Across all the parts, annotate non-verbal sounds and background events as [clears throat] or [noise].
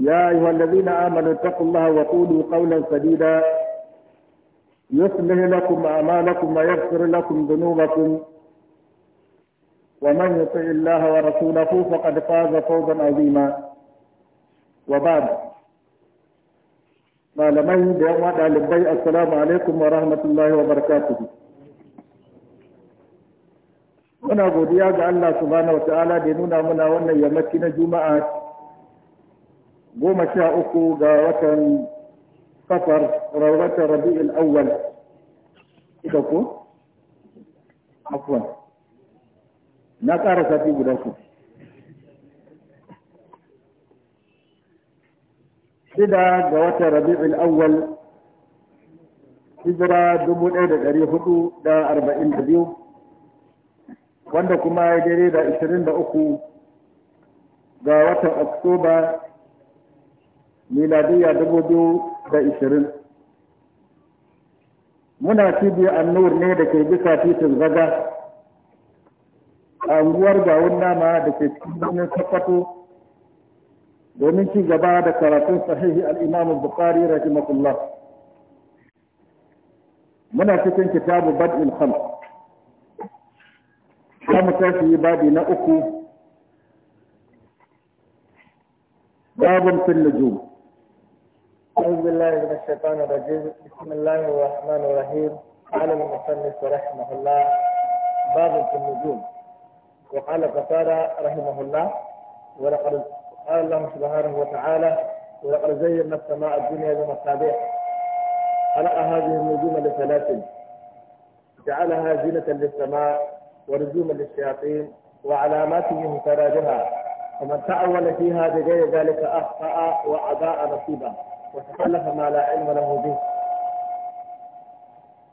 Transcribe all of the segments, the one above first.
يا أيها الذين آمنوا اتقوا الله وقولوا قولا سديدا يصلح لكم أعمالكم ويغفر لكم ذنوبكم ومن يطع الله ورسوله فقد فاز فوزا عظيما وبعد مالمين بيوم وعد البيع السلام عليكم ورحمة الله وبركاته هنا غودية الله سبحانه وتعالى دينونا منا ونا يمكن جمعات goma sha uku ga watan safar rawata rabi'ul awwal ita ko afwan na ƙara sati guda ku shida ga watan rabi'ul awwal hijira dubu ɗaya da ɗari hudu da arba'in da biyu wanda kuma ya daidai da ashirin da uku ga watan oktoba miladiyya dubu biyu da ishirin muna cibiyar annur ne da ke bisa titin zaga a unguwar gawun nama da ke cikin birnin sokoto domin ci gaba da karatun sahihi al'imamu bukari rahimahullah muna cikin kitabu bad'il khalq za mu yi babi na uku babin fil nujum أعوذ بالله من الشيطان الرجيم بسم الله الرحمن الرحيم قال المصنف رحمه الله باب في النجوم وقال قتادة رحمه الله ولقد قال الله سبحانه وتعالى ولقد زينا السماء الدنيا بمصابيح خلق هذه النجوم لثلاث جعلها زينة للسماء ونجوما للشياطين وعلامات يهتدى ومن تأول فيها بغير ذلك أخطأ وأضاء نصيبه وتكلف ما لا علم له به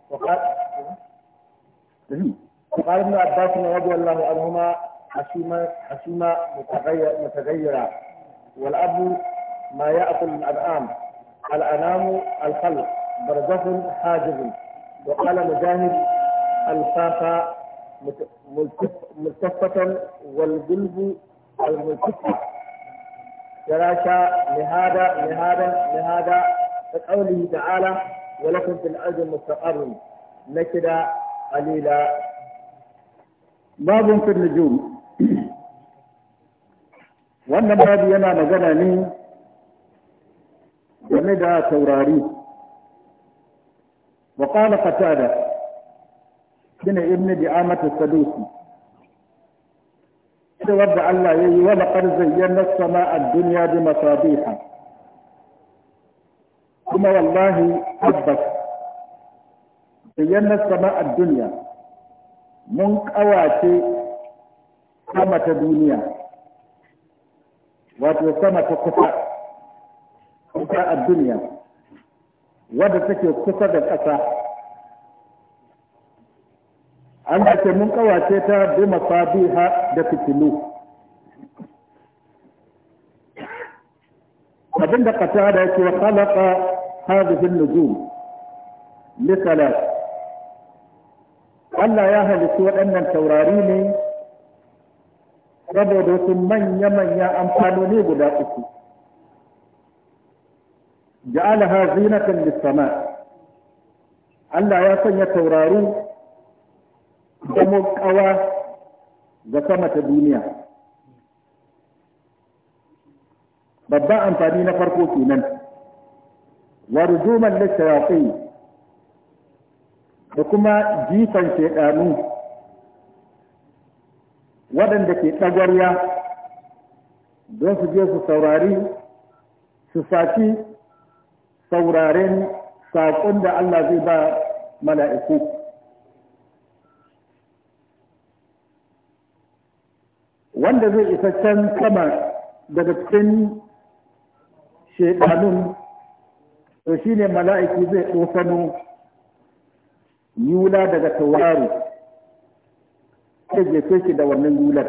وقال وقال ابن عباس رضي الله عنهما حشيما حشيما متغير متغيرا والاب ما ياكل الانعام الانام الخلق برزخ حاجز وقال مجاهد الفافا ملتفة والقلب الملتفة جراشا لهذا لهذا لهذا كقوله تعالى ولكم في الأرض مستقر نكد قليلا باب في النجوم wannan babu yana magana ne game da taurari wa qala qatada bin ibni bi'amat as-sadusi cewar da Allah ya yi wala kar zayyana sama a duniya bi masabiha kuma wallahi tabbas zayyana sama a duniya mun ƙawace sama ta duniya wato sama ta kusa kusa a duniya wadda take kusa da ƙasa an da ce mun kawace ta bi masabiha da fitilu abin da kata da yake wa khalaqa hadhihi an-nujum li Allah ya halitta waɗannan taurari ne saboda su manya-manya amfanoni guda uku ja'alaha zinatan lis-sama Allah ya sanya taurari zama kawa ga sama ta duniya babban amfani na farko kenan warzuman da shayatsai da kuma jifan shaidanu waɗanda ke ɗagwarya don su je su saurari su saki sauraren saƙon da Allah zai ba mala'iku. wanda zai isa can sama daga cikin shekanun to shi ne mala'iki zai tsofano yula daga taurari ta jefe shi da wannan yular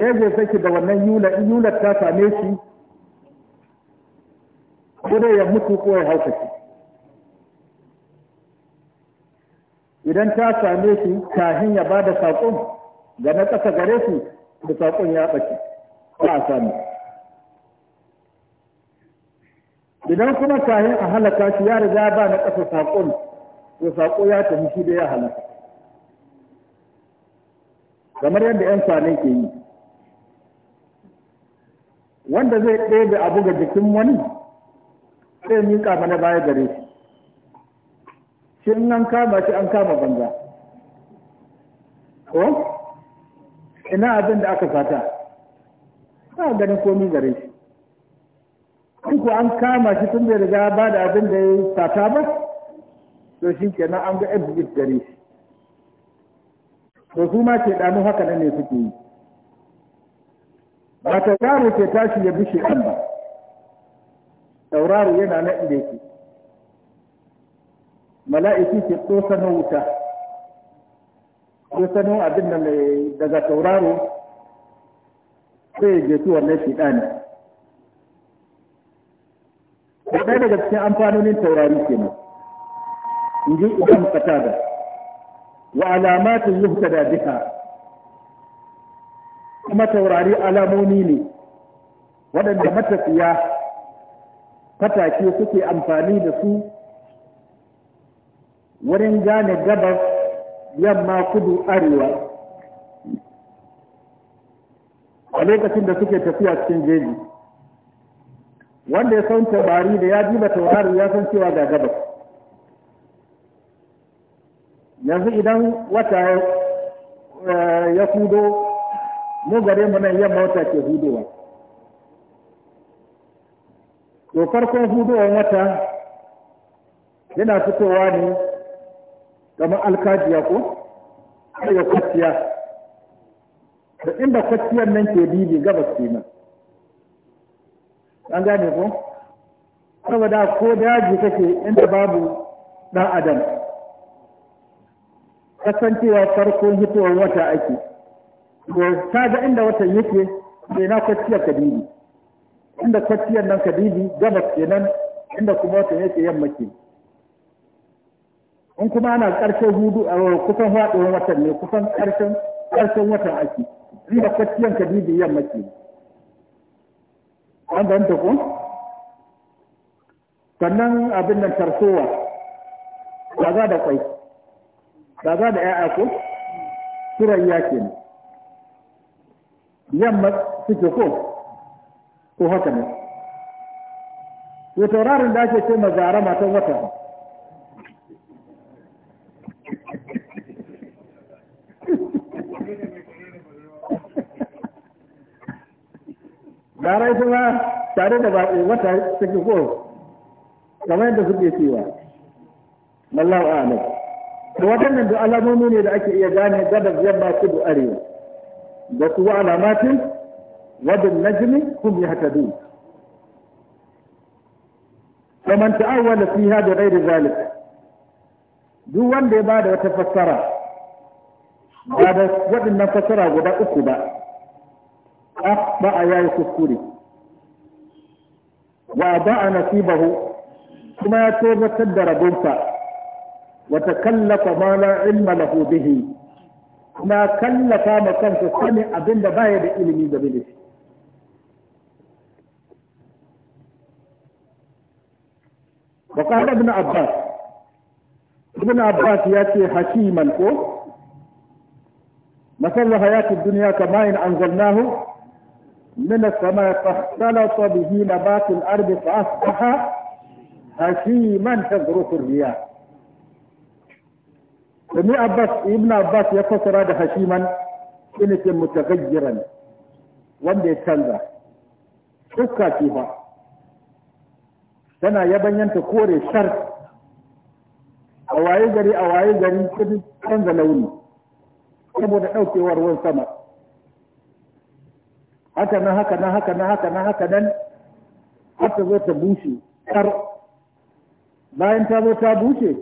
ya jefe shi da wannan yular yular ta same shi ko ya mutu ko ya hauka shi idan ta same shi kafin ya bada saƙon ga na ƙasa gare shi da saƙon ya ɓace ba a samu idan kuma kafin a halaka shi ya riga ba na ƙasa saƙon to saƙo ya tafi shi da ya halaka kamar yadda 'yan sane ke yi wanda zai ɗebe abu ga jikin wani sai miƙa mana baya gare shi in an kama shi an kama banza ko ina abin da aka fata ba ganin komi gare shi in ku an kama shi tun da riga ba da abin da ya fata ba to shi kenan an ga exit gare shi to su ma ke damu haka nan ne suke yi ba ta yaro ke tashi ya bi shi ba tauraru yana nan inda yake mala'iku ke na wuta tsosano abin da mai daga tauraro sai ya shi wannan shiɗani ɗaya daga cikin amfanonin taurari nan. in ji ibn da. wa alamatin yuhtada biha kuma taurari alamomi ne waɗanda matafiya fatake suke amfani da su wurin gane gabas yamma kudu arewa a lokacin da suke tafiya cikin jeji wanda ya san tabari da ya jiba taurari ya san cewa ga gabas yanzu idan wata ya kudo eh, mu gare mu nan yamma wata ke hudowa to farkon hudowar wata yana fitowa ne kamar alkajiya ko daga kwaciya da inda kwaciyar nan ke bibi gabas kenan an gane ko saboda ko daji kake inda babu dan adam kasancewa farkon hitowar wata ake ko ga inda watan yake sai na kwaciyar ka bibi inda kwaciyar nan ka bibi gabas kenan inda kuma watan yake yamma kenan in kuma ana ƙarshen hudu a kusan haɗewar watan ne kusan ƙarshen ƙarshen watan ake in da kwaciyan ka bibi yamma ke an da ko sannan abin nan tarsowa kaza da kwai kaza da ƴaƴa ko ya ke ne yamma suke ko ko haka ne to taurarin da ake ce mazara matan wata tare ita ma tare da baƙi wata suke ko kamar yadda suke cewa wallahu a'lam to waɗannan da alamomi ne da ake iya gane gadar yamma da arewa da kuwa alamatin wadin najmi hum da fi hada rai da ذلك duk wanda ya bada wata fassara ba da waɗannan fassara guda uku ba ba'a ya yi wa ba'a nasibahu kuma ya tabbatar da rabinsa wa ta kallafa ma la ilma lahu bihi kuma ya kallafa ma kansa abin da baya da ilimi da bi wa qala abbas ya ce Hakimal ko masallaha yaqi duniya kama in anzalnahu من السماء فاختلط به نبات الأرض فأصبح هشيما تذرف الرياح ابن عباس ابن عباس يفسر هذا هشيما إنك متغيرا wanda ya canza suka ce ba tana yabanyanta kore shar a waye gari a waye canza launi saboda ɗaukewar ruwan sama haka na haka na haka na haka nan haka nan har ta zo ta bushe kar bayan ta zo ta bushe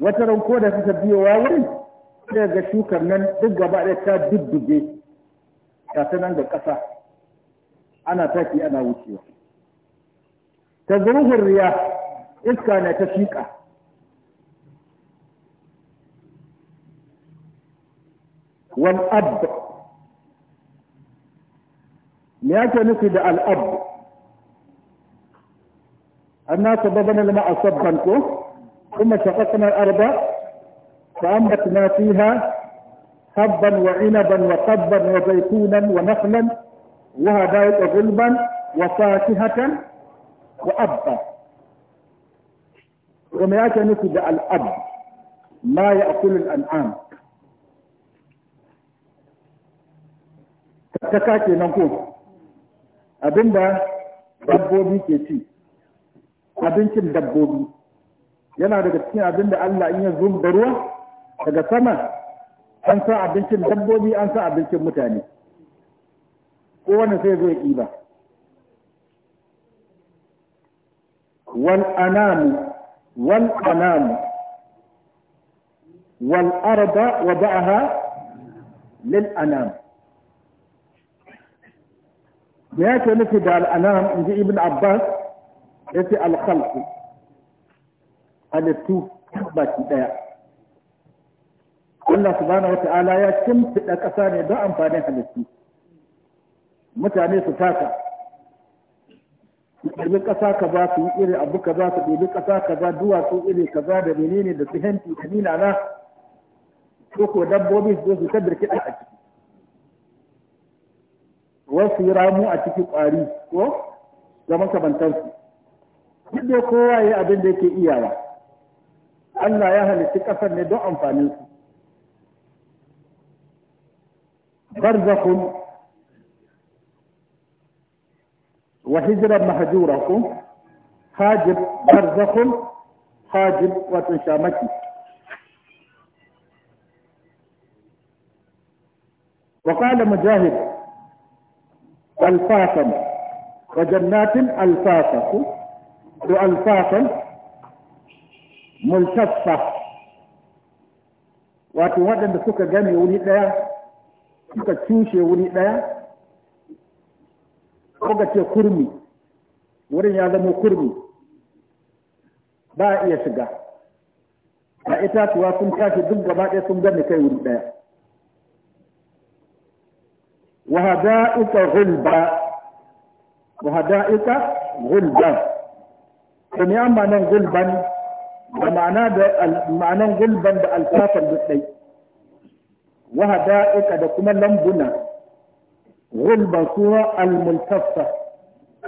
wata ran ko da ta biyo wa wurin sai ga shukar nan duk gaba ɗaya ta dubbuge ta ta nan ga ƙasa ana taki ana wucewa ta zurfin riya iska ne ta shiƙa wal abba me yake nufi da al'ab anna sababana lama sabban ko kuma shaqaqna al-arba fa ambatna fiha حبا وعنبا وقبا وزيتونا ونخلا وهدايق غلبا وفاكهة وأبا وما يأتي نسب الأب ما يأكل الأنعام تكاكي نقول Abin da dabbobi ke ci abincin dabbobi yana daga cikin abin da Allah in ya da ruwa daga sama an sa abincin dabbobi an sa abincin mutane kowane sai zai kiba wal anamu wal anamu wal arda wada'aha lil anamu da yake nufi da al'anam in ji ibn abbas ya ce alkhalku halittu baki ɗaya Allah subhanahu wa ta'ala ya fiɗa ƙasa ne don amfanin halittu mutane su taka su ɗabi ƙasa ka ba su yi iri abu ka za su ɗabi ƙasa ka za duwatsu iri ka za da menene da su henti da nina na ko ko dabbobi su zo su ta ɗan a ciki wasu yi ramu a cikin ƙwari ko ga makamantarsu duk da kowa ya abin da yake iyawa Allah ya halitta ƙasar ne don amfanin su barzakun wa hijran mahajura ko hajib barzakun hajib wato shamaki وقال مجاهد alfafan wa jannatin alfafa ku da alfafan multaffa wato waɗanda suka game wuri ɗaya suka cushe wuri ɗaya ko ce kurmi wurin ya zama kurmi ba a iya shiga a itatuwa sun tashi duk gaba ɗaya sun gane kai wuri ɗaya wa hada'ika ghulba wa hada'ika ghulban to gulban da ma'ana da ma'anan gulban da alfafan da kuma lambuna gulba kuma al-multaffa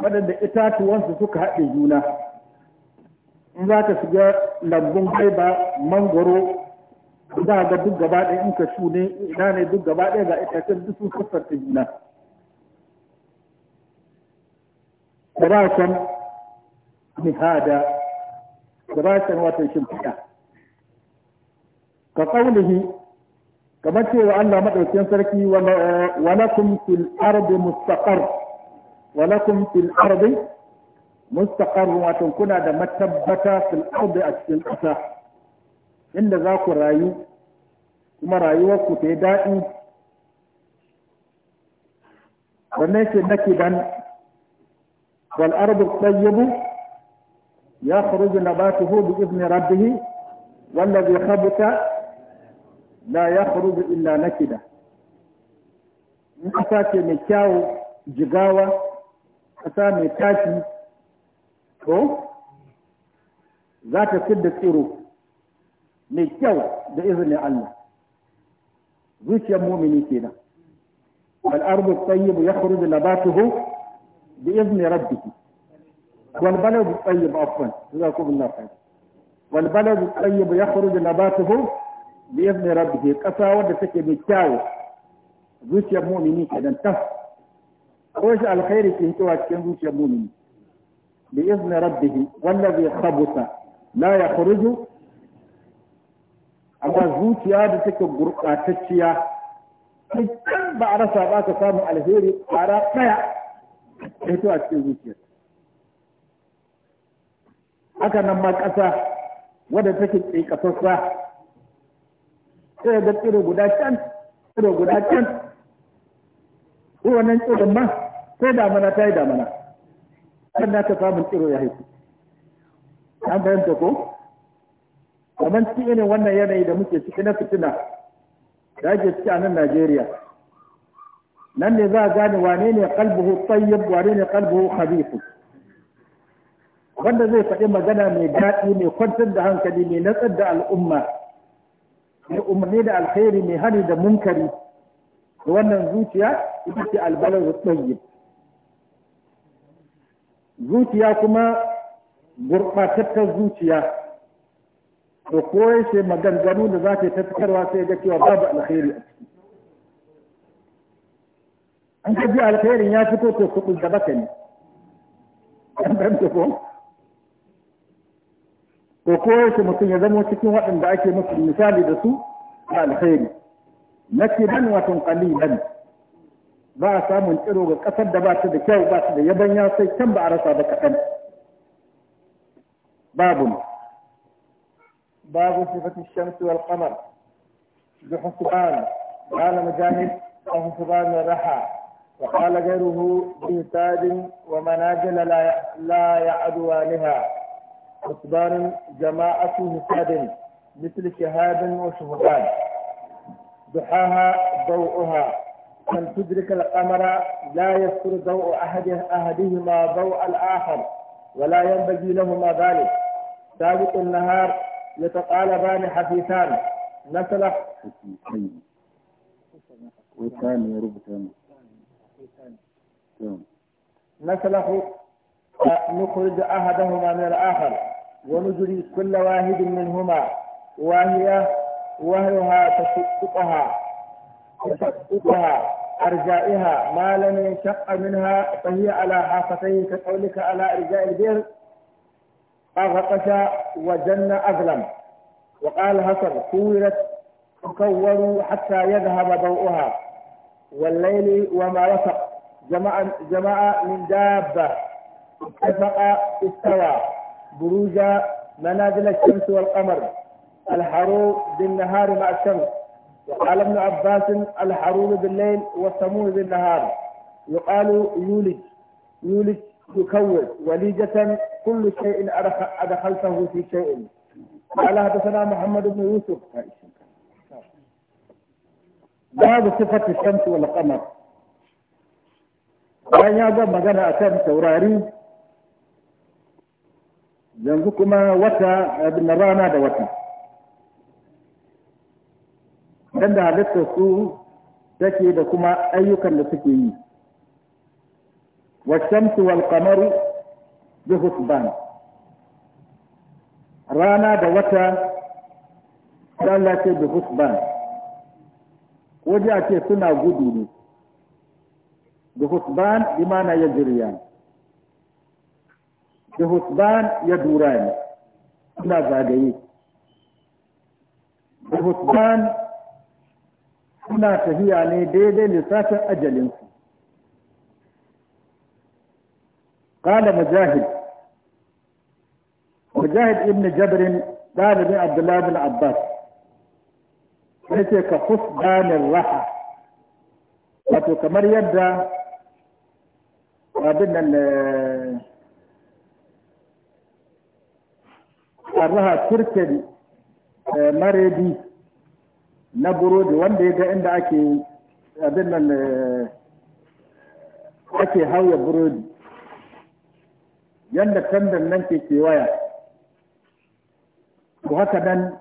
waɗanda itatuwansu suka haɗe juna in za ka lambun haiba mangoro za ga duk gaba ɗaya in ka shu ne ina ne duk gaba ɗaya ga itacen duk sun sassanta juna gabashin mihada gabashin wata shimfiɗa ka ƙaunihi kamar cewa Allah maɗaukin sarki walakum fil ardi mustaqar walakum fil ardi mustaqar wato kuna da matabbata fil ardi a cikin ƙasa inda za ku rayu kuma rayuwarku ta yi daɗi wannan ke nake dan wal ardu tayyibu ya khuruju nabatuhu bi izni rabbih ladhi khabata la yakhruju illa nakida in ce mai kyawu jigawa kasa mai tashi to za ta fidda tsiro mai kyau da izinin Allah zuciyar mumini nan wal ardu tayyib yakhruju nabatuhu bi izni rabbiki wal baladu tayyib afwan jazakumullahu khair wal baladu tayyib yakhruju nabatuhu bi izni rabbiki kasa wadda take mai kyau zuciyar mumini nan ta ko shi alkhairi ke hitowa cikin zuciyar mumini bi izni rabbih wallazi khabutha la yakhruju amma zuciya da take gurɓatacciya dukkan ba a rasa ba ka samu alheri ƙara ɗaya to a cikin zuciyar haka nan ma ƙasa wadda take ƙiƙasassa sai da tsiro guda can tsiro guda can ko wannan tsiron ma sai damana ta yi damana sannan ka samun tsiro ya haifu an fahimta ko kamar ci irin wannan yanayi da muke ciki na fitina da ake ciki a nan Najeriya nan ne za a gane wane ne kalbuhu tsayyab wane ne kalbuhu khabifu wanda zai faɗi magana mai daɗi mai kwantar da hankali mai natsar da al'umma mai umarni da alkhairi mai hari da munkari da wannan zuciya ita ce albalar tsayyab zuciya kuma gurɓatattar zuciya to ko yace maganganu da za ta tafitarwa sai ga cewa babu alkhairi a ciki an ka ji alkhairin ya fito to su ku da baka ne an danta ko to ko yace mutum ya zama cikin waɗanda ake musu misali da su a alkhairi nakiban wa tunqaliban ba a samun tsiro ga ƙasar da ba ta da kyau ba ta da yabanya sai can ba a rasa ba kaɗan babu باب صفة الشمس والقمر بحسبان قال مجاهد وحسبان الرحى وقال غيره بهتاد ومناجل لا لا يعدوانها حسبان جماعة هتاد مثل شهاد وشهبان ضحاها ضوءها أن تدرك القمر لا يذكر ضوء أحد أحدهما ضوء الآخر ولا ينبغي لهما ذلك سابق النهار يتقالبان حديثان نسلة والثاني رب نسلخ نخرج أحدهما من الآخر ونجري كل واحد منهما وهي وهيها تشققها تشققها أرجائها ما لم ينشق منها فهي على حافتيه كقولك على أرجاء البئر أغطش وجن أظلم وقال هسر كورت تكوروا حتى يذهب ضوءها والليل وما وسق جمع, جمع من دابة اتفق استوى بروج منازل الشمس والقمر الحرور بالنهار مع الشمس وقال ابن عباس الحرور بالليل والسمور بالنهار يقال يولج يولج يكور وليجة كل شيء أدخلته في شيء قال حدثنا محمد بن يوسف باب صفة الشمس والقمر bayan ya zama magana a kan taurari yanzu kuma wata na rana da wata don da halittar su take da kuma ayyukan da suke yi wasu wal qamaru bihusban rana da wata Allah ce ko waje a ce suna gudu ne bihusban imana ya jirya bihusban ya dura ne suna zagaye bihusban suna tafiya ne daidai lissafin ajalinsu قال مجاهد مجاهد ابن جبر قال ابن عبد الله بن عباس فليس كفقدان الراحة وتو كمر يبدا وابن ال الراحة تركي مريدي نبرود وندي ده عند أكي أبن ال أكي هوا برود يندك ننكي كيوايا to haka nan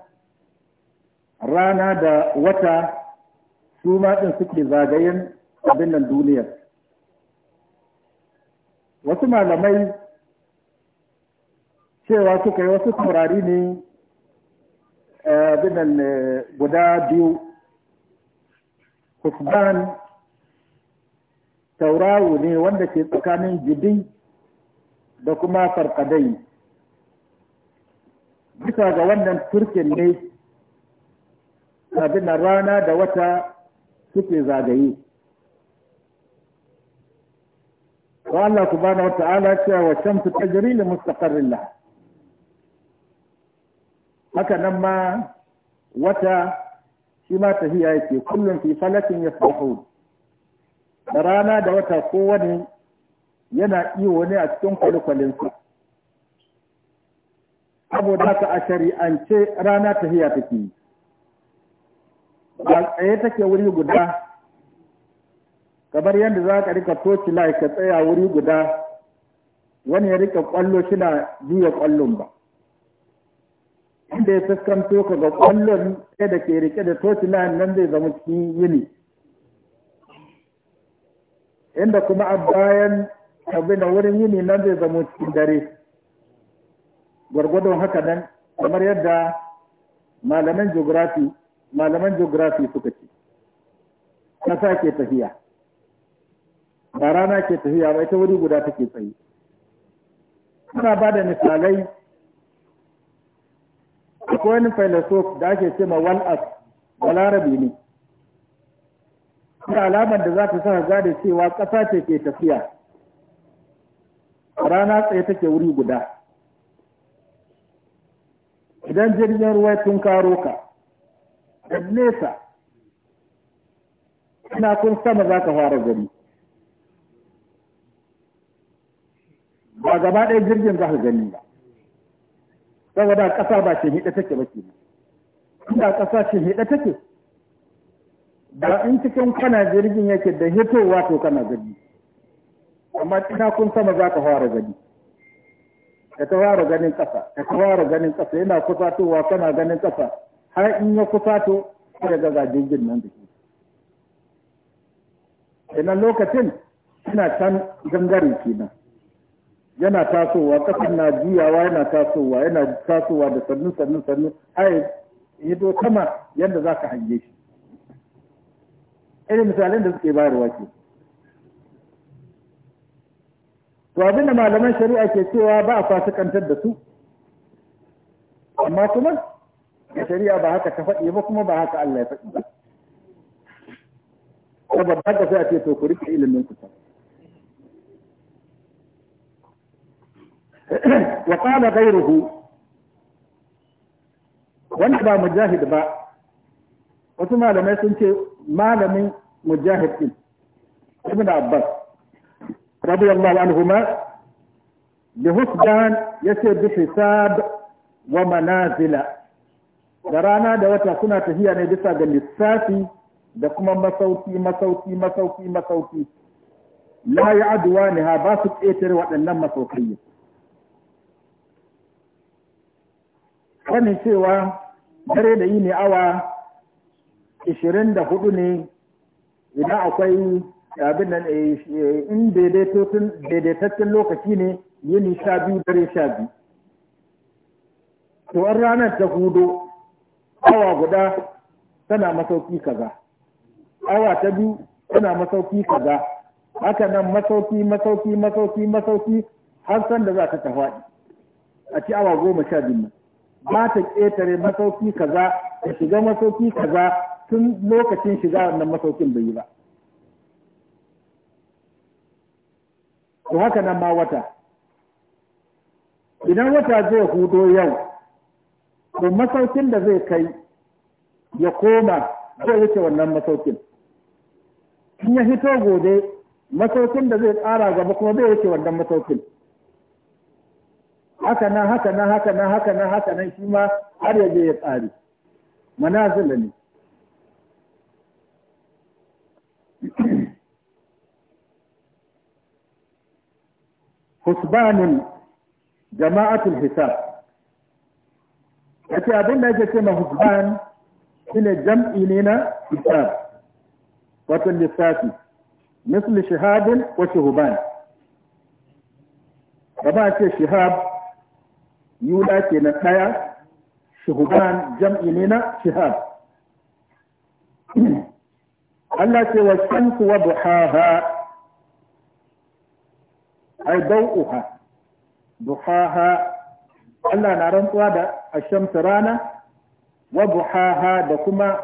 rana da wata su ma suke zagayen abin nan duniyar wasu malamai cewa suka yi wasu taurari ne eh, binan eh, guda biyu husban taurawo ne wanda ke tsakanin jidi da kuma farkadai bisa ga wannan turkin ne abin rana da wata suke zagaye wa Allah ku subhanahu wa ta'ala cewa wa shamsu tajiri da mustaƙarin laha haka nan ma wata shi ma tahiya yake kullum fi falakin yasbahun da rana da wata kowane yana iyo ne a cikin kwalikwalinsa saboda haka a shari'ance rana ta take yi ba tsaye take wuri guda kamar yadda za ka rika toci lai ka tsaya wuri guda wani ya rika kwallo shi na juya kwallon ba inda ya fuskanto ka ga kwallon ɗaya da ke rike da toci lai nan zai zama cikin yini inda kuma a bayan abin da wurin yini nan zai zama cikin dare gwargwadon haka nan kamar yadda malaman geography malaman geography suka ce Kasa ke tafiya ba rana ke tafiya ba ita wuri guda take tsaye suna ba da misalai akwai wani filosof da ake ce ma wal'as walarabi ne da alamar da za ta sa gane cewa ƙasa ce ke tafiya rana tsaye take wuri guda idan jirgin ruwa tun karo ka da nesa ina kun sama za ka fara gani ba gaba ɗaya jirgin za ka gani ba saboda ƙasa ba shi hida take ba ke ina ƙasa shi hida take da in cikin kana jirgin yake da hitowa to kana gani amma ina kun sama za ka fara gani ka ta fara ganin ƙasa ka ta fara ganin ƙasa yana kusatowa kana ganin ƙasa har in ya kusato sai ga ga jirgin nan da shi kenan lokacin ina can gangare kenan yana tasowa ƙasar na juyawa yana tasowa yana tasowa da sannu sannu sannu ai do sama yadda za ka hange shi irin misalin da suke bayarwa ke to abinda malaman shari'a ke cewa ba a fasikantar da su amma kuma da shari'a ba haka ta faɗi ba kuma ba haka Allah ya faɗi ba ko ba haka sai a ce to ku rike ilimin ku ta [clears throat] wa qala ghayruhu wanda ba mujahid ba wasu malamai sun ce malamin mujahid din ibn abbas radiyallahu anhuma yace bi manazila da rana da wata suna tafiya ne bisa ga lissafi da kuma masauki masauki masauki masauki la aduwa ne ha ba su ƙetare waɗannan masaukai sanin cewa dare da yi ne awa huɗu ne idan akwai abin nan eh, eh, in daidaitaccen lokaci ne yini sha biyu dare sha biyu to an ranar ta hudu awa guda tana masauki kaza awa ta biyu tana masauki kaza haka nan masauki masauki masauki masauki har san da za ta tafaɗi a ci awa goma sha biyu ba ta ƙetare masauki kaza ta shiga masauki kaza tun lokacin shiga wannan masaukin bai yi ba to haka nan ma wata idan wata zai hudo yau to masaukin da zai kai ya koma zai wuce wannan masaukin in ya hito gobe masaukin da zai tsara gaba kuma zai wuce wannan masaukin haka nan haka nan haka nan haka nan haka nan shi ma har ya je ya tsari manazila ne husbanun jama'atul hisab yace abin da yake ce ma husban shine jam'i ne na hisab wato lissafi misli shihadin wa shuhuban kama ce shihab yula ke na ɗaya shuhuban jam'i ne na shihab [clears throat] Allah ce wa shamsu wa duhaha ai dau'uha duhaha Allah na rantsuwa da ashamsu rana wa buhaha da kuma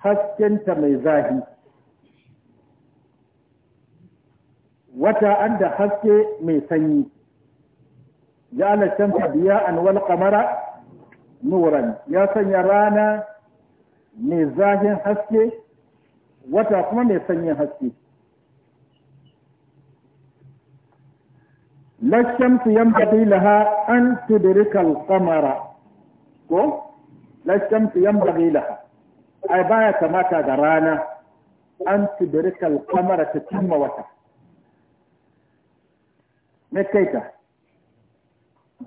haskenta mai zahi wata anda haske mai sanyi ya alashamsa biya an wal qamara nuran ya sanya rana mai zahin haske wata kuma mai sanyin haske la shamsu yanbaghi laha an tudrika al-qamara ko la shamsu yanbaghi laha ai baya kamata ga rana an tudrika al-qamara ta cimma wata me kai ta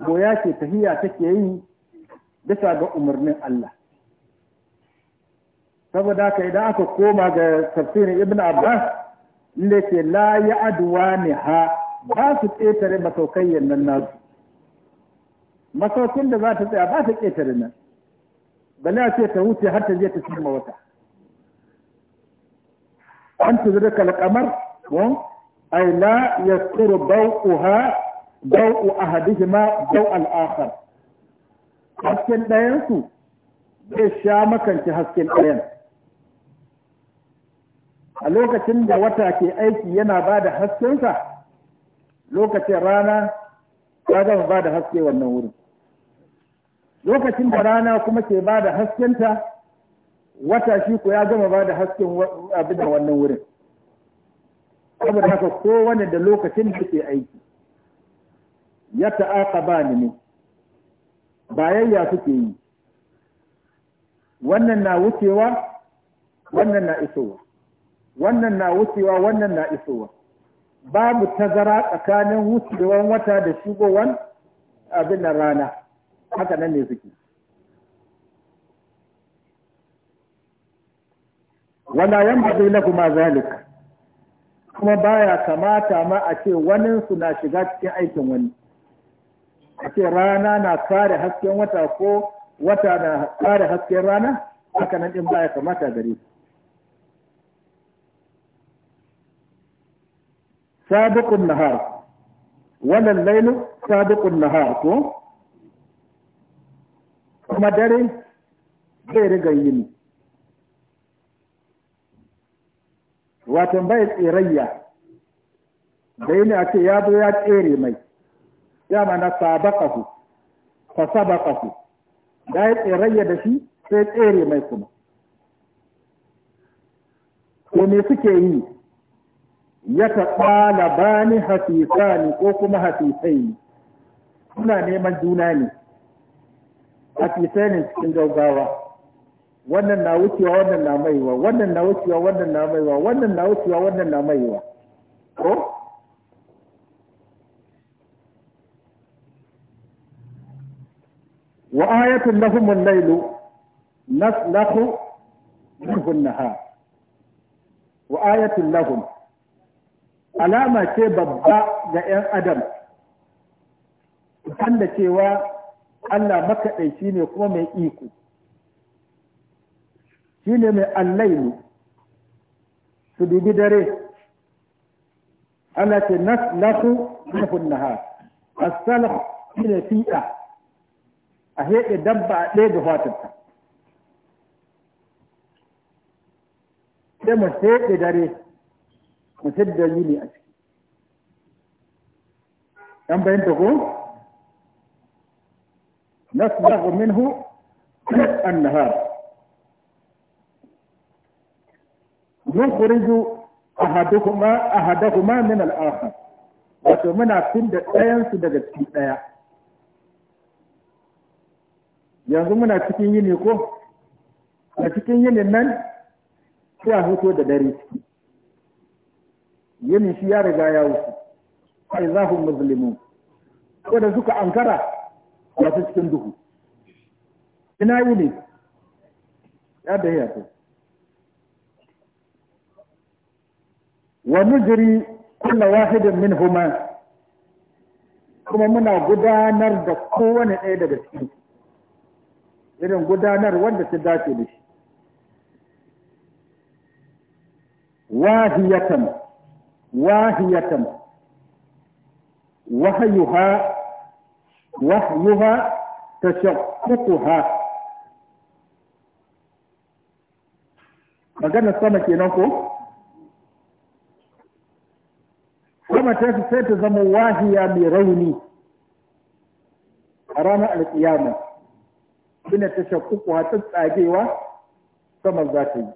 goya ce tahiya take yi bisa ga umarnin Allah saboda haka idan aka koma ga tafsirin ibn abbas inda ke la aduwa ha ba su ƙetare masaukayyar nan nasu masaukin da za ta tsaya ba ta ƙetare nan ba a ce ta wuce har ta je ta cimma wata an zira kalkamar wan ay la yasturu bau'uha bau'u ma bau al hasken ɗayansu zai sha makance hasken ɗayan a lokacin da wata ke aiki yana ba da haskensa lokacin rana ya gama ba da haske wannan wurin lokacin da rana kuma ke ba da haskenta wata shi ko ya gama ba da hasken abin da wannan wurin saboda haka kowane da lokacin da ke aiki ya ta'aqaba ni ne bayayya suke yi wannan na wucewa wannan na isowa wannan na wucewa wannan na isowa babu tazara tsakanin wucewan wata da shigowan abin rana haka nan ne suke wala 'yan bazai na kuma Zalik, kuma baya kamata ma a ce wani na shiga cikin aikin wani a ce rana na kare hasken wata ko wata na kare hasken rana haka nan din baya kamata gare su sabiqun nahar wannan lailu sabiqun nahar ko kuma dare zai riga yini wato bai tsirayya da yini a ce ya zo ya tsere mai ya mana sabaqahu fa sabaqahu da ya tsirayya da shi sai tsere mai kuma to me suke yi ya taɓala ba ni hafisa ne ko kuma hafisai ne suna neman juna ne hafisai ne cikin gaugawa wannan na wucewa wannan na maiwa wannan na wucewa wannan na maiwa wannan na wucewa wannan na maiwa ko wa ayatun lahum al-lailu naslahu minhu an-nahar wa ayatun lahum alama ce babba ga 'yan adam da cewa Allah makaɗaici ne kuma mai iko shi ne mai allaini su dubi dare Allah ce nasu nufin naha asala shi ne fi'a a heɗe dabba a ɗaya da fatinta sai mu heɗe dare da dalili a ciki an bayanta ko نسبغ منه النهار a أحدهما kuma min الآخر wato muna da ɗayansu daga cikin ɗaya yanzu muna cikin yini ko a cikin yinin nan sai a hoto da dare ciki yini shi ya riga ya wuce ai zahum muslimun ko da suka ankara masu cikin duhu ina yi ne ya da jiri wa nujri kullu wahidin minhuma kuma muna gudanar da kowane ɗaya daga cikin irin gudanar wanda ta dace da shi wahiyatan wahiyatan wahayuha wahyuha tashaqquha magana sama kenan ko sama ta sai ta zama wahiya mai rauni a ranar alƙiyama ina ta shakkuku ta tsagewa sama za ta yi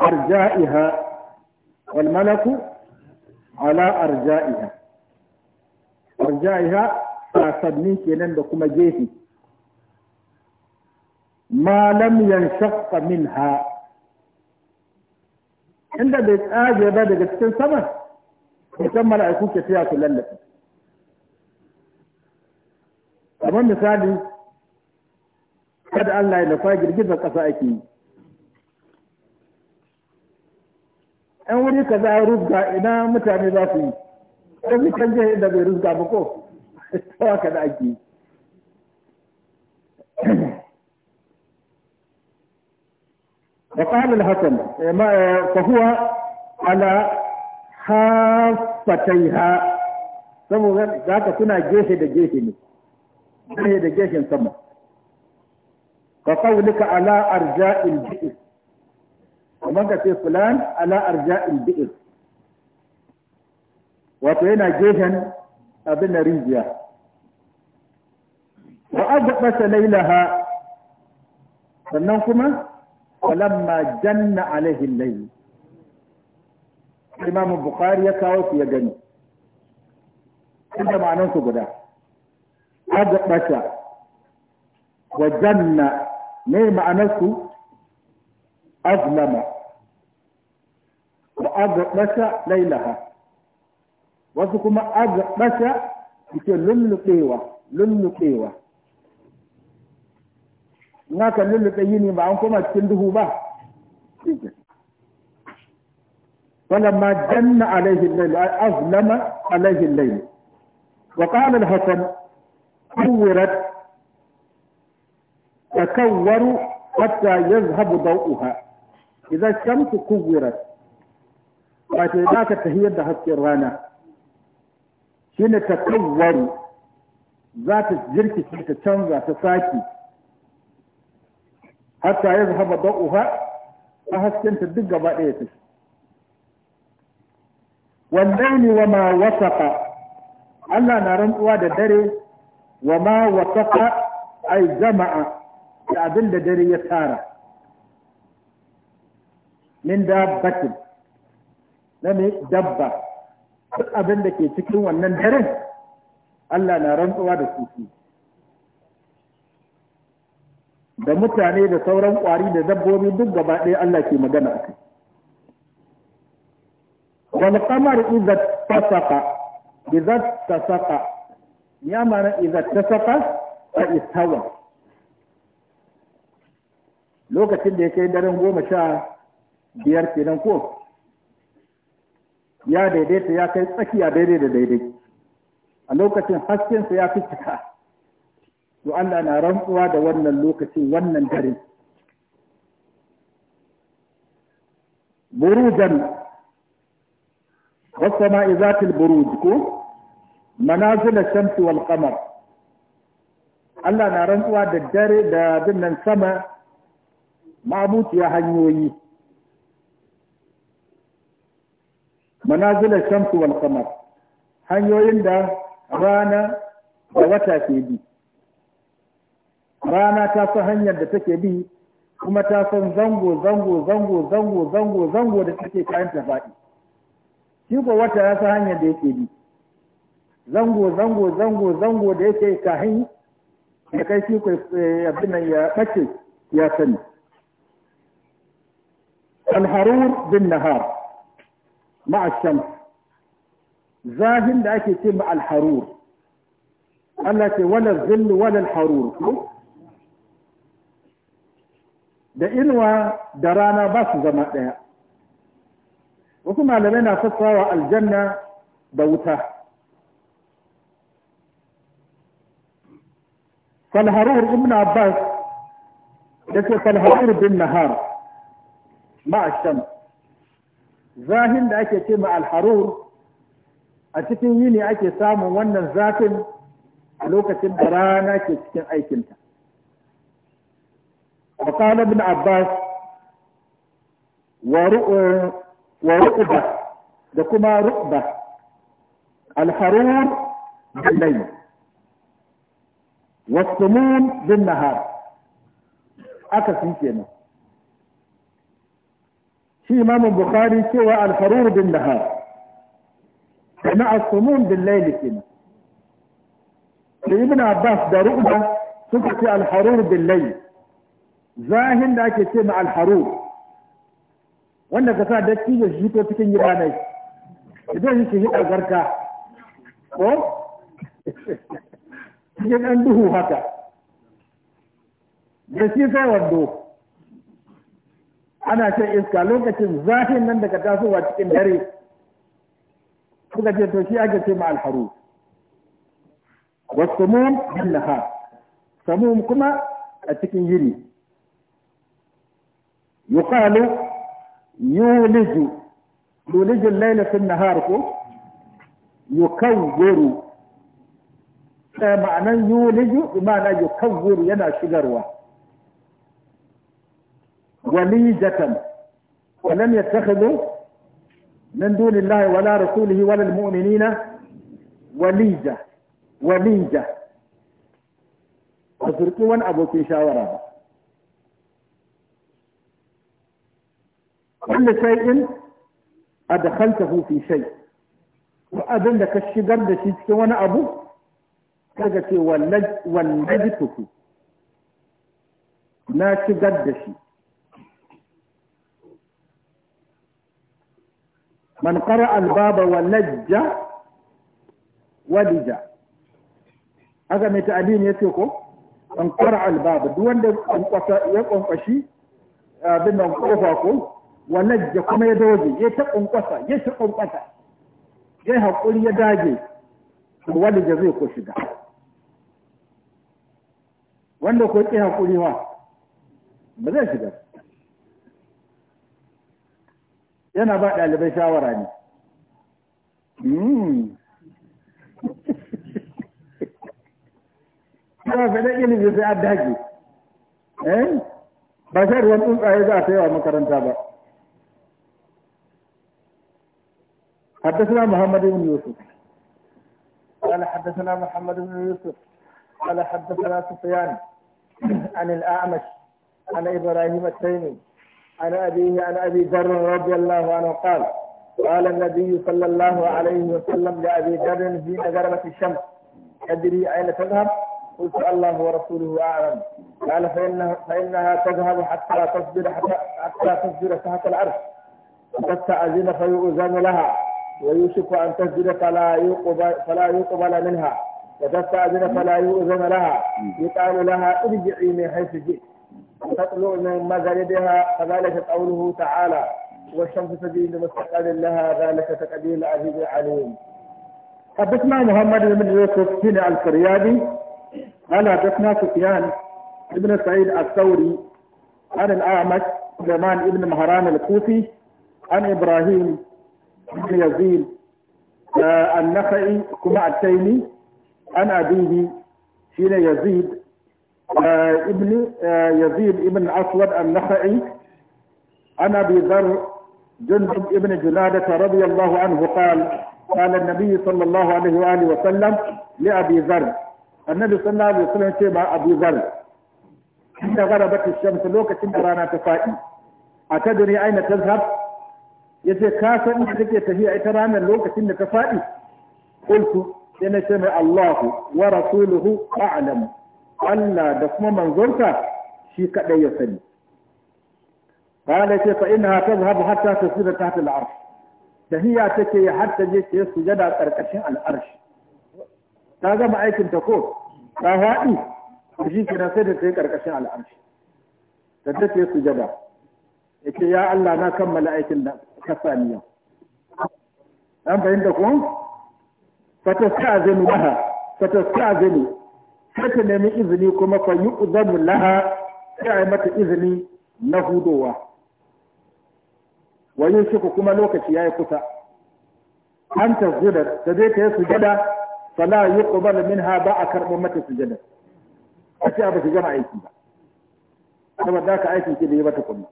أرجائها والملك على أرجائها أرجائها فاسبني كنن دكما جيفي ما لم ينشق منها عند بيتاجي بعد جسكن سما يتم ملائكو كفيها كلها kamar misali kada Allah ya nufa girgizar ƙasa ake yi yan wuri ka za a ruzga ina mutane za su yi ɗan kan jihar da bai ruzga ba ko tawa [laughs] ka da ake yi ka eh, eh, huwa ala hafatai ha saboda za ka suna gefe da gefe ne gefe da gefen sama ka kawulika ala arja'il bi'is kamar ka ce fulan ala arja'il bi'ir wato yana gefen abin da rijiya wa azbata lailaha sannan kuma walamma janna alaihi layl Imam Bukhari ya kawo su ya gani inda ma'anar su guda azbata wa janna ne ma'anar su azlama agbasa lailaha wasu kuma agbasa suke lullubewa lullubewa in aka lullube yini ba an koma cikin duhu ba فلما جن عليه الليل أي أظلم عليه الليل وقال الحسن كورت تكور حتى يذهب ضوءها إذا الشمس كورت wato za ka tahiyar da hasken rana shine ta kawwaru za ta jirkice ta canza ta saki hatta ya zama uha a haskenta duk gaba ɗaya ta shi wannan ne wa ma wasaƙa Allah na rantsuwa da dare wa ma wasaƙa ai jama'a da abin da dare ya tara min da batin na ne dabba duk abin da ke cikin wannan daren Allah na rantsuwa da su da mutane da sauran kwari da dabbobi duk gaba ɗaya Allah ke magana a kai. Wal kamar idza tasaka, idza tasaka, ya mana idza tasaka a istawa Lokacin da ya kai daren goma sha biyar kenan ko ya daidaita ya kai tsakiya daidai da daidai a lokacin haskensa ya fi cika to Allah na rantsuwa da wannan lokaci wannan dare burujan wasama'i izatil buruj ko manazila shamsi wal qamar Allah na rantsuwa da dare da binnan sama ma'abuciya hanyoyi manazilar shamsu wal qamar hanyoyin da rana da wata ke bi rana ta san hanyar da take bi kuma ta san zango zango zango zango zango zango da take kayan ta faɗi shi ko wata ya san hanyar da yake bi zango zango zango zango da yake kahin da kai shi ko eh, abin nan ya ɓace ya sani alharur bin nahar مع الشمس zahin da ake ce al-harur Allah ce wala zillu wala al-harur da inuwa da rana ba su zama ɗaya wasu malamai na fassawa aljanna da wuta falharur ibn abbas da ce falharur bin nahar ma'a shams zahin da ake ce ma alharur a cikin yini ake samun wannan zafin a lokacin da rana ke cikin aikinta. Wakala bin Abbas wa ru'uba da kuma ru'ba alharur bin layi wasu mun bin nahar aka sun kenan. shi imamun bukhari cewa alharur bin nahar na asumun bin laili da ibn abbas da ru'ba suka ce alharur bin laili zahin da ake ce ma alharur wanda ka sa datti ya shito cikin yi banai idan shi shi garka ko cikin ɗan duhu haka da shi sai wando ana shan iska lokacin zafin nan daga tasowa cikin dare suka ce to shi ake ce ma alharu wasu mun bin nahar samum kuma a cikin yini yuqalu yuliju yuliju al-layla fi an-nahar ko yukawwiru ta eh, ma'anan yuliju bi ma'ana yukawwiru yana shigarwa وليجة ولم يتخذوا من دون الله ولا رسوله ولا المؤمنين وليجة وليجة وزرقوا أبوكي شاورا كل شيء أدخلته في شيء وأبن لك الشجر لشيك وأنا أبو كذا ولدته na shigar da shi من قرأ الباب ولج ولج هذا walija aka يتوكو من yace ko an qara al-baba duk wanda an ya kofa ko wa kuma ya doge ya ta ya ta kwankwasa ya ya dage to walija zai ko shiga wanda ko hakuri wa ba zai shiga yana ba ɗalibai shawara ne yana faɗin ilimi sai an dage ba shan ruwan tsuntsaye za a ta yawa makaranta ba حدثنا محمد بن يوسف قال حدثنا محمد بن يوسف قال حدثنا سفيان عن الأعمش عن إبراهيم التيمي عن أبيه عن أبي ذر رضي الله عنه قال قال النبي صلى الله عليه وسلم لأبي ذر في غربة الشمس تدري أين تذهب؟ قلت الله ورسوله أعلم قال فإنها, فإنها تذهب حتى تصبر حتى, حتى تصبر تحت العرش تستأذن فيؤذن لها ويوشك أن تسجد فلا يقبل فلا يقبل منها وتستأذن فلا يؤذن لها يقال لها ارجعي من حيث جئت وتطلع من مغربها كذلك قوله تعالى والشمس تجري لمستقل لها ذلك تقدير العزيز العليم حدثنا محمد بن يوسف بن الفريابي قال حدثنا سفيان بن سعيد الثوري عن الأعمش سليمان بن مهران الكوفي عن إبراهيم بن يزيد آه، النخعي كما التيمي عن أبيه حين يزيد آه، ابن آه، يزيد ابن أسود النخعي عن أبي ذر جندب ابن جنادة رضي الله عنه قال قال النبي صلى الله عليه وآله وسلم لأبي ذر النبي صلى الله عليه وسلم كما أبي ذر حين غربت الشمس لوكة رانا تفائي أتدري أين تذهب يجي ka san inda take tafiya ita قلت lokacin da ta faɗi qultu Allah da kuma manzonta shi kaɗai ya sani. Kala ce fa ina ta zahabu hatta ta su da ta ta da tahiya take ya hatta je ce su jada ƙarƙashin al'arshi. Ta gama aikin ta ko, ta haɗi, shi kira sai da ta yi ƙarƙashin al'arshi. Ta ta ce su jada, ya ya Allah na kammala aikin da ka sami yau. An fahimta ko? Fata sa zai laha, fata sa zai sai ta nemi izini kuma fa yi laha sai ai mata izini na hudowa wani shiku kuma lokaci yayi kusa an ta zuda ta zai ta su gada fala yi kubala min ba a karɓar mata gada a ce ba su gama aiki ba saboda ka aikin ki da yi mata kuma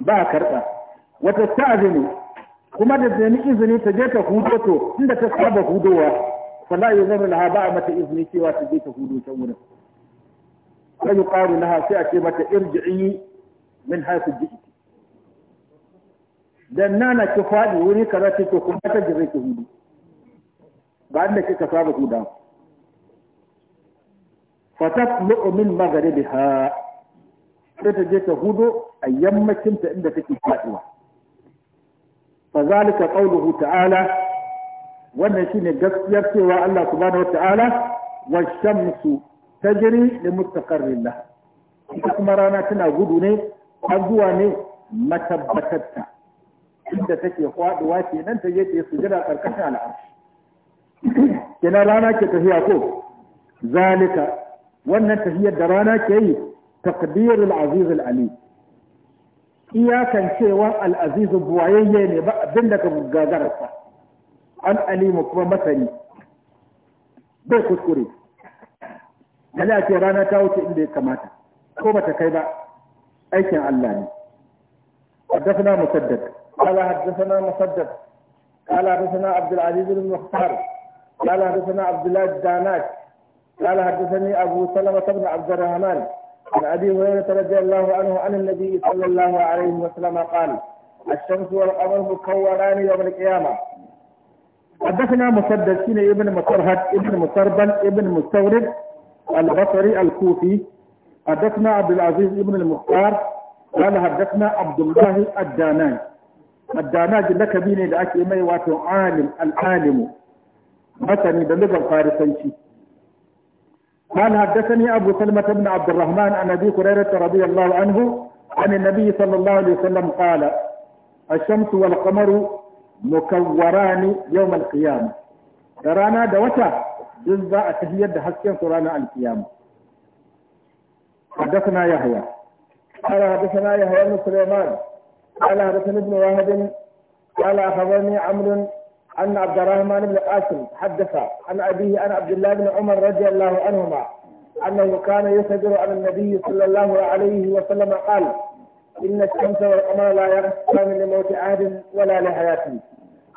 ba a karɓa wata ta'azini kuma da zai izini ta je ta hudo to inda ta saba hudowa فلا يظن لها بأمة إذن سوى تجي تهودو شونا فيقال لها سأتي متى ارجعي من حيث جئت dan nana ki faɗi wuri kaza to kuma ta jira ki hudu ba inda kika saba huda fatatlu min maghribiha sai ta je ta a yammacinta inda take faɗiwa fa zalika ta'ala wannan shine gaskiyar cewa Allah subhanahu wata'ala washamsu tajri li mustaqarrin laha ita kuma rana tana gudu ne har zuwa ne matabbatatta inda take faduwa kenan ta je ta sujada karkashin al'arshi kenan rana ke tafiya ko zalika wannan tafiyar da rana ke yi takdirul aziz al ali iyakan cewa al aziz buwayayye ne ba abin ka gagararsa al’alimu kuma masani bai kuskure ya ce rana ta wuce inda ya kamata ko ba ta kai ba aikin Allah ne haddasana musaddad qala haddasana musaddad qala haddasana abdul aziz bin muhtar qala haddasana abdul danat قال حدثني ابو سلمة بن عبد الرحمن عن ابي هريره رضي الله عنه عن النبي صلى الله عليه وسلم قال الشمس والقمر مكوران يوم القيامه حدثنا مسدد سين ابن مطرهد ابن مطربل ابن مستورد البصري الكوفي حدثنا عبد العزيز ابن المختار قال حدثنا عبد الله الداناج الداناج لك بيني لك امي واتو عالم العالم مثلا بلغة فارسانشي قال حدثني أبو سلمة بن عبد الرحمن عن أبي هريرة رضي الله عنه عن النبي صلى الله عليه وسلم قال الشمس والقمر mukawwarani yau malkiyama da rana da wata duk za a tafiyar da hasken su ranar alkiyama haddasana ya haya ala haddasana ya haya na suleiman ala haddasana ibn wahadin ala haɗani amrin an abdurrahman ibn asim haddasa an abihi an abdullahi ibn umar radiyallahu anhu ma annahu kana yasajiru sallallahu alaihi wa sallam qala إن الشمس والقمر لا يخسران لموت أحد ولا لحياته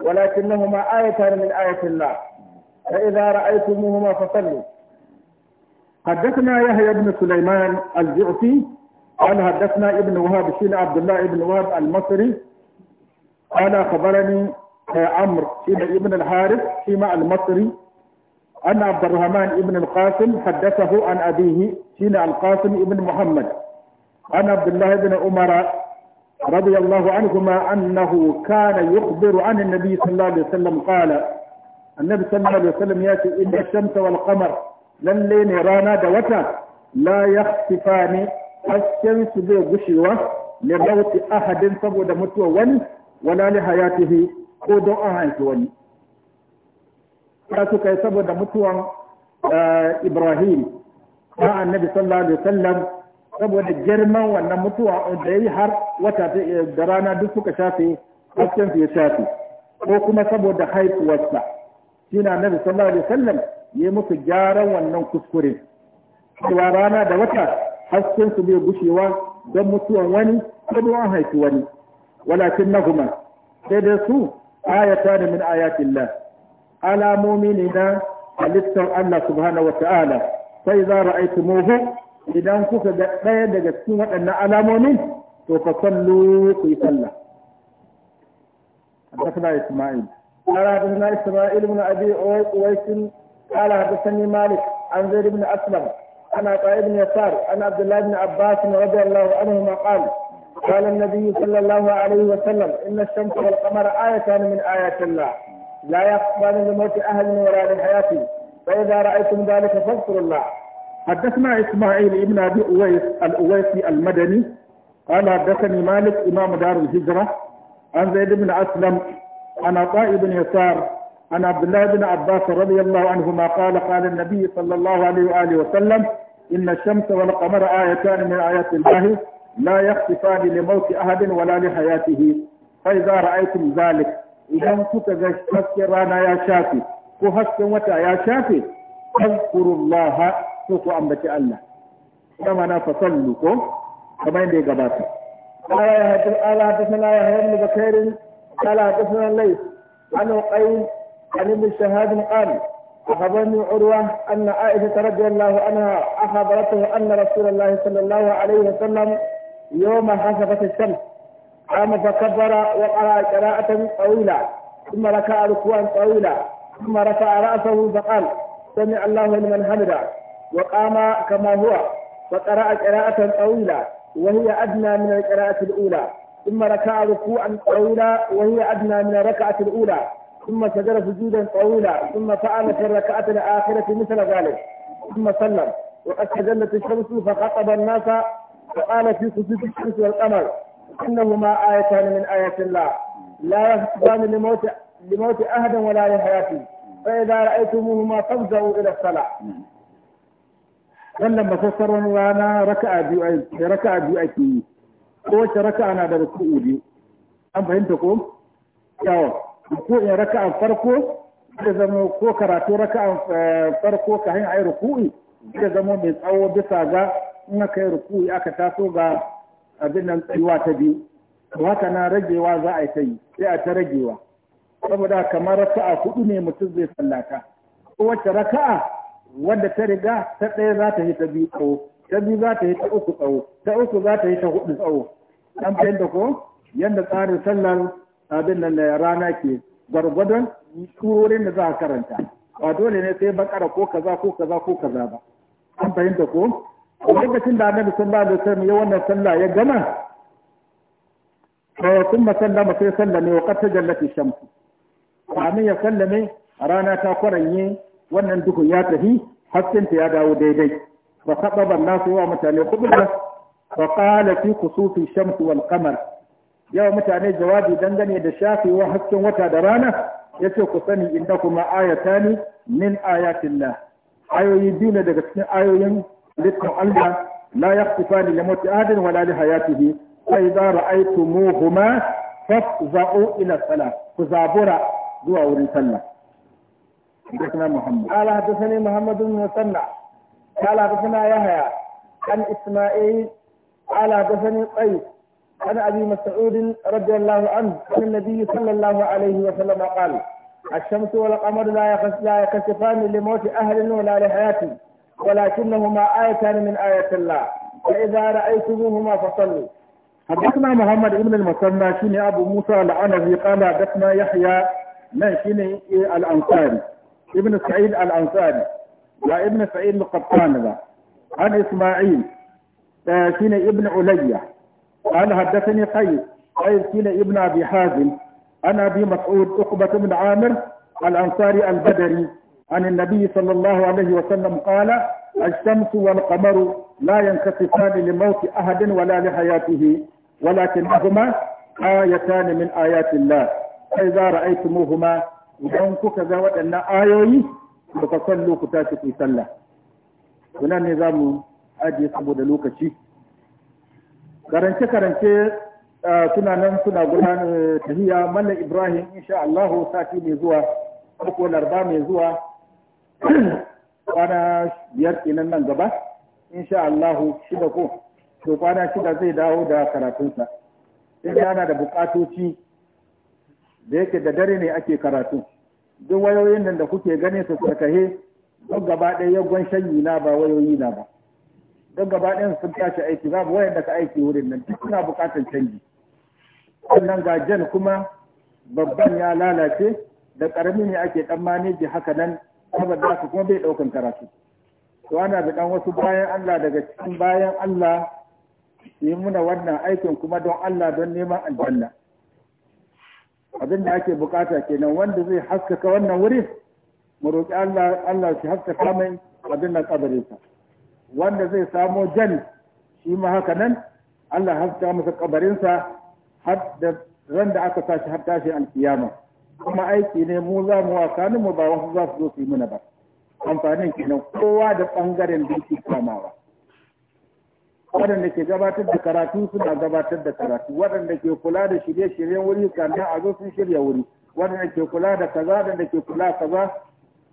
ولكنهما آيتان من آية الله فإذا رأيتموهما فصلوا حدثنا يحيى بن سليمان الجعفي قال حدثنا ابن وهاب بن عبد الله بن وهاب المصري قال خبرني آه، عمرو ابن الحارث فيما المصري أن عبد الرحمن بن القاسم حدثه عن أبيه شين القاسم بن محمد عن عبد الله بن عمر رضي الله عنهما أنه كان يخبر عن النبي صلى الله عليه وسلم قال النبي صلى الله عليه وسلم يأتي إن الشمس والقمر لن لين رانا دوتا لا يختفان الشمس ذي غشوة لموت أحد سبود متوى وني ولا لحياته قد أهانت وني فأتك سبود متوى إبراهيم مع النبي صلى الله عليه وسلم saboda girman wannan mutuwa da ya yi har wata da rana duk suka shafe hasken su ya shafe ko kuma saboda haifuwarsa shi na nabi sallallahu alaihi wasallam ya musu gyaran wannan kuskure cewa rana da wata hasken su bai gushewa don mutuwan wani ko don an haifi wani walakin guma, sai da su ayata ne min ayatillah alamomi ne na halittar Allah subhanahu wa ta'ala sai za ra'aytumuhu idan kuka ga ɗaya daga cikin waɗannan alamomin to ka sallu ku yi sallah حدثنا إسماعيل قال حدثنا إسماعيل بن أبي أويس قال حدثني مالك عن زيد بن أسلم عن عطاء بن يسار عن عبد الله بن عباس رضي الله عنهما قال قال النبي صلى الله عليه وسلم إن الشمس والقمر آيتان من آيات الله لا يخفان لموت أهل ولا لحياته فإذا رأيتم ذلك فاذكروا الله حدثنا إسماعيل ابن أبي أويس الأويسي المدني قال حدثني مالك إمام دار الهجرة عن زيد بن أسلم عن عطاء بن يسار عن عبد الله بن عباس رضي الله عنهما قال قال النبي صلى الله عليه وآله وسلم إن الشمس والقمر آيتان من آيات الله لا يختفان لموت أحد ولا لحياته فإذا رأيتم ذلك إذا كنت تذكرنا يا شافي كهشت وتا يا شافي فاذكروا الله ko ku ambaci Allah ina mana fa sallu ko kamar yadda ya gabata ala ya hadu ala da sana ya hayar ni bakairin ala da sana lai an qai an ibn shahad qali akhabani urwa anna aisha radhiyallahu anha akhabaratuhu anna rasulullah sallallahu alaihi wasallam yawma hasabat ash-shams قام فكبر وقرا قراءة طويلة ثم ركع ركوعا طويلا ثم رفع رأسه فقال سمع الله لمن حمده وقام كما هو فقرأ قراءة طويلة وهي أدنى من القراءة الأولى ثم ركع ركوعا طويلا وهي أدنى من الركعة الأولى ثم سجد سجودا طويلا ثم فعل في الركعة الآخرة مثل ذلك ثم سلم وقد تجلت الشمس فخطب الناس وقال في سجود الشمس والقمر إنهما آيتان من آيات الله لا يخطبان لموت لموت أحد ولا لحياته فإذا رأيتموهما فافزعوا إلى الصلاة sannan mafassarar rana raka'a biyu ake yi kowace raka'a na da ruku'u biyu an fahimta ko yawa ruku'in raka'a farko da zama ko karatu raka'a eh, farko ka hanyar ayi ruku'i da zama mai tsawo bisa ga in aka yi ruku'i aka taso ga abin nan tsayuwa ta biyu to haka na ragewa za a yi ta yi sai a ta ragewa saboda kamar raka'a hudu ne mutum zai sallata kowace raka'a wadda ta riga ta ɗaya za ta yi ta biyu tsawo ta biyu za ta yi ta uku tsawo ta uku za ta yi ta hudu tsawo an fahimta ko yadda tsarin sallar abin nan rana ke gwargwadon turorin da za a karanta ba dole ne sai bakara ko kaza ko kaza ko kaza ba an fahimta ko a lokacin da annabi sallallahu alaihi wasallam ya wannan sallah ya gama to sun masallama sai sallame wa qad tajallati shamsu Amin ya sallame rana ta kwaranye wannan duhun ya tafi haskinta ya dawo daidai Ba khababa an-nasu wa mutane khubra Ba kala fi kusufi shamsi wal kamar. yawa mutane jawabi dangane da shafewa hasken wata da rana yace ku sani inda kuma ayatani min ayatillah ayoyi biyu ne daga cikin ayoyin littan Allah la yaqtifani li mauti adin wala li hayatihi fa idza ra'aytumuhuma fafza'u ila sala ku zabura zuwa wurin sallah حدثنا محمد قال حدثني محمد بن مثنى قال حدثنا يحيى عن اسماعيل قال حدثني قيس عن ابي مسعود رضي الله عنه عن النبي صلى الله عليه وسلم قال الشمس والقمر لا لا يكشفان لموت اهل ولا لحياه ولكنهما ايتان من ايات الله فاذا رايتموهما فصلوا حدثنا محمد بن المثنى شيني ابو موسى العنزي قال حدثنا يحيى ما شيني الانصاري ابن سعيد الأنصاري وابن ابن سعيد القطان ذا عن إسماعيل شين آه، ابن عليا قال حدثني قيس قيس شين ابن أبي حازم عن أبي مسعود عقبة بن عامر الأنصاري البدري عن النبي صلى الله عليه وسلم قال الشمس والقمر لا ينكسفان لموت أحد ولا لحياته ولكنهما آيتان من آيات الله فإذا رأيتموهما idan kuka ga waɗannan ayoyi da ka san lokuta ki fi sallah sunan ne za mu ajiye saboda lokaci karance karance suna nan suna gudanar tahiya malla ibrahim insha Allah sati mai zuwa ko larba mai zuwa [clears throat] kwana biyar kenan nan gaba insha Allah shida ko to kwana shida zai dawo da karatunsa sai yana da bukatoci da yake da dare ne ake karatu duk wayoyin nan da kuke gane su karkahe duk gaba ɗaya yaggon shanyi na ba wayoyi na ba duk gaba ɗayan sun tashi aiki babu wayar da ka aiki wurin nan duk suna buƙatar canji sannan ga jan kuma babban ya lalace da ƙarami ne ake ɗan maneji haka nan saboda su kuma bai ɗaukan karatu to ana da ɗan wasu bayan Allah daga cikin bayan Allah su yi muna wannan aikin kuma don Allah don neman aljanna abin da ake bukata kenan wanda zai haskaka wannan wuri mu roƙi Allah Allah shi haskaka mai abin nan kabarinsa wanda zai samo jan shi ma haka nan Allah haskaka masa kabarinsa har da ran da aka tashi har tashi alkiyama kuma aiki ne mu za mu wakanin mu ba wasu za su zo su yi mana ba amfanin kenan kowa da bangaren dinki kamawa waɗanda ke gabatar da karatu suna gabatar da karatu waɗanda ke kula da shirye-shiryen wuri kafin a zo sun shirya wuri waɗanda ke kula da kaza waɗanda ke kula da kaza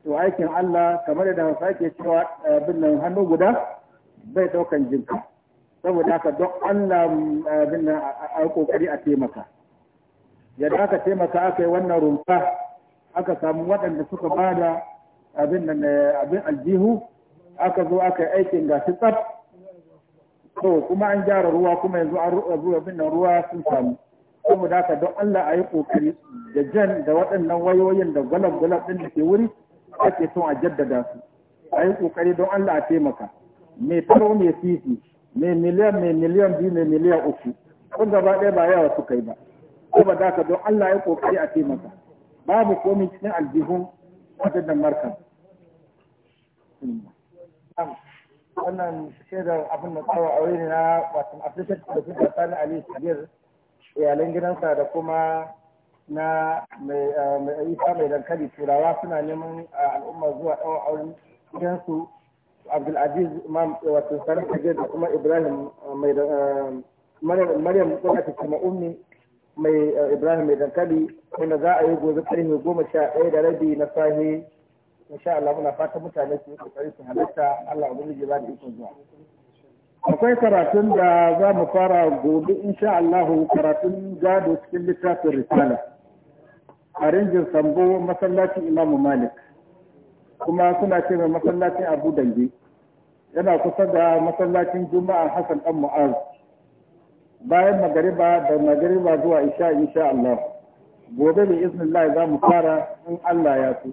to aikin Allah kamar da Hausa ke cewa eh, bin nan hannu guda bai daukan jinka saboda haka don Allah eh, bin nan a kokari a taimaka yadda aka taimaka aka wannan rumfa aka samu waɗanda suka bada abin nan eh, abin aljihu aka zo aka yi aikin gasi tsaf to kuma an gyara ruwa kuma yanzu an ruwa bin nan ruwa sun samu saboda haka don Allah a yi kokari da jan da waɗannan wayoyin da gwalab gwalab ɗin da ke wuri ake son a jaddada su a yi kokari don Allah a taimaka mai taro mai fifi mai miliyan mai miliyan biyu mai miliyan uku kun gaba ɗaya ba yawa su kai ba saboda haka don Allah a yi kokari a taimaka babu komai cikin aljihun da markan. wannan shaidar abin da tsawa a wuri na wasan afirka da da sani ali sabir iyalan gidansa da kuma na eh, mai isa mai dankali turawa suna neman eh, al'umma zuwa ɗawa auren gidansu abdulaziz imam wasan sarar kabir da kuma ibrahim eh, mai maryam kuma ake kuma ummi mai ibrahim mai dankali wanda za a yi gobe karfe goma sha ɗaya da rabi na sahi insha Allah muna fata mutane su yi kokari su halatta Allah ba da akwai karatun da za mu fara gobe sha Allah karatun gado cikin littafin risala a rinjin sambo masallacin Imam Malik kuma suna ce mai masallacin Abu Dange yana kusa da masallacin Juma'a Hassan dan Mu'az bayan magariba da magariba zuwa isha sha Allah gobe da izinin za mu fara in Allah ya so